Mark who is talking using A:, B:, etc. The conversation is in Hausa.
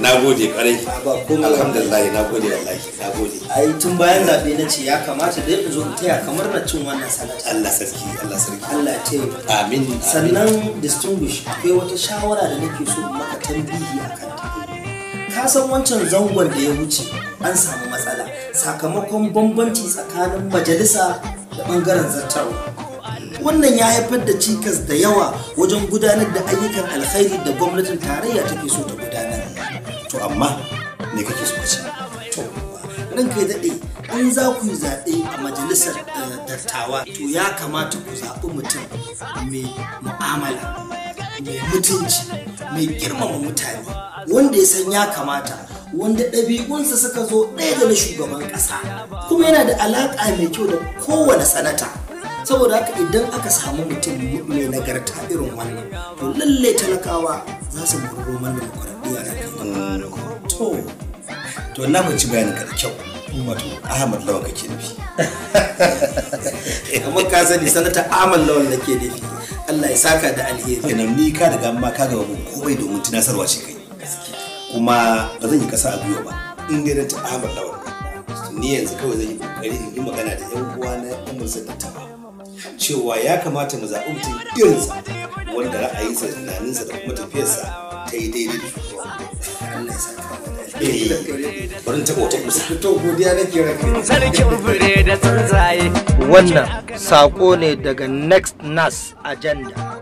A: na gode kwarai alhamdulillah na gode wallahi na gode ai tun bayan zabe na ce ya kamata dai in zo in taya kamar na cin wannan sanata Allah sarki Allah sarki Allah ce amin sannan distinguish akwai wata shawara da nake so in maka a akan ta ka san wancan zangon da ya wuce an samu matsala sakamakon bambanci tsakanin majalisa da bangaren zartarwa wannan ya haifar da cikas da yawa wajen gudanar da ayyukan alkhairi da gwamnatin tarayya take so ta gudanar to amma me kake so ce to nan kai daɗe an za ku yi zaɓe a majalisar eh, dattawa to ya kamata ku zaɓi mutum mai mu'amala mai mutunci mai girmama mutane wanda ya san ya kamata wanda ɗabi'unsa suka zo ɗaya da na shugaban ƙasa kuma yana da alaƙa mai kyau da kowane sanata saboda haka idan aka samu mutum mai nagarta irin wannan to lallai talakawa za su mu mana da kwarar so to na ci bayanin ka da kyau wato ahmad lawan kake nufi Kuma ka sani sanata ahmad lawan nake nufi allah ya saka da alheri kenan ni ka daga ma ka babu komai domin nasarwa ce kai kuma ba zan yi kasa a biyo ba in dai ta ahmad lawan ni yanzu kawai zan yi kokari in yi magana da yan uwa na yan musa da tawa cewa ya kamata mu zaɓi mutum irinsa wanda ra'ayinsa da tunaninsa da kuma tafiyarsa Eh, wannan saƙo ne daga next nas agenda